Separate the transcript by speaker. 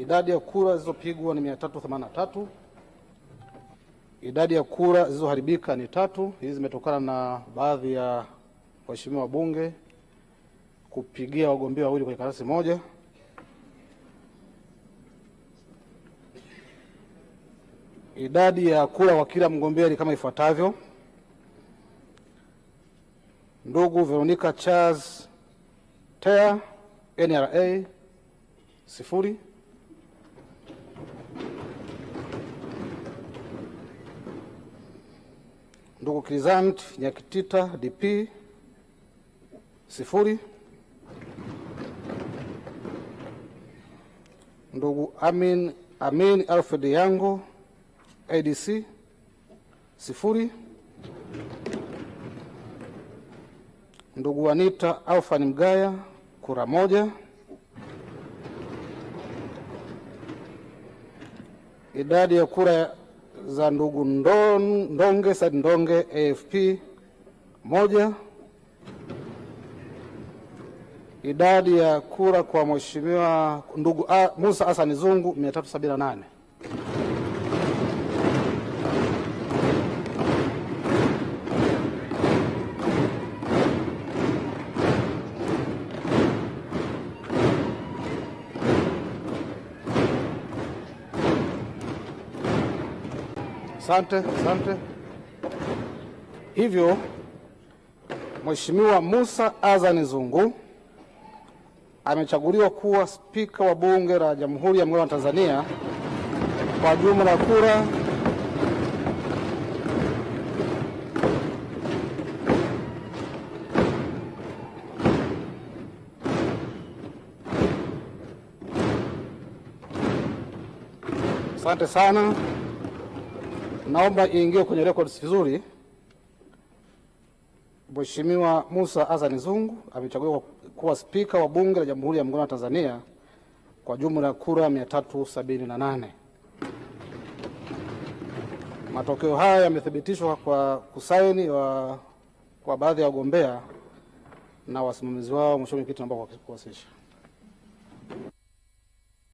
Speaker 1: Idadi ya kura zilizopigwa ni 383. Idadi ya kura zilizoharibika ni tatu. Hizi zimetokana na baadhi ya waheshimiwa wabunge kupigia wagombea wawili kwenye karatasi moja. Idadi ya kura kwa kila mgombea ni kama ifuatavyo: ndugu Veronica Charles Tea NRA sifuri. ndugu Krizant Nyakitita DP sifuri, ndugu Amin, Amin Alfred Yango ADC sifuri, ndugu Anita Alfan Mgaya kura moja, idadi ya kura za ndugu Ndon, Ndonge Said Ndonge AFP. Moja, idadi ya kura kwa mheshimiwa ndugu ah, Musa Hassan Zungu 378. Asante, asante. Hivyo Mheshimiwa musa azani Zungu amechaguliwa kuwa spika wa bunge la Jamhuri ya Muungano wa Tanzania kwa jumla ya kura Asante sana. Naomba iingie kwenye records vizuri. Mheshimiwa musa Azzan Zungu amechaguliwa kuwa spika wa bunge la Jamhuri ya Muungano wa Tanzania kwa jumla ya kura 378. Matokeo haya yamethibitishwa kwa kusaini wa, kwa baadhi ya wagombea na wasimamizi wao. Mheshimiwa Mwenyekiti, naomba kuwasilisha.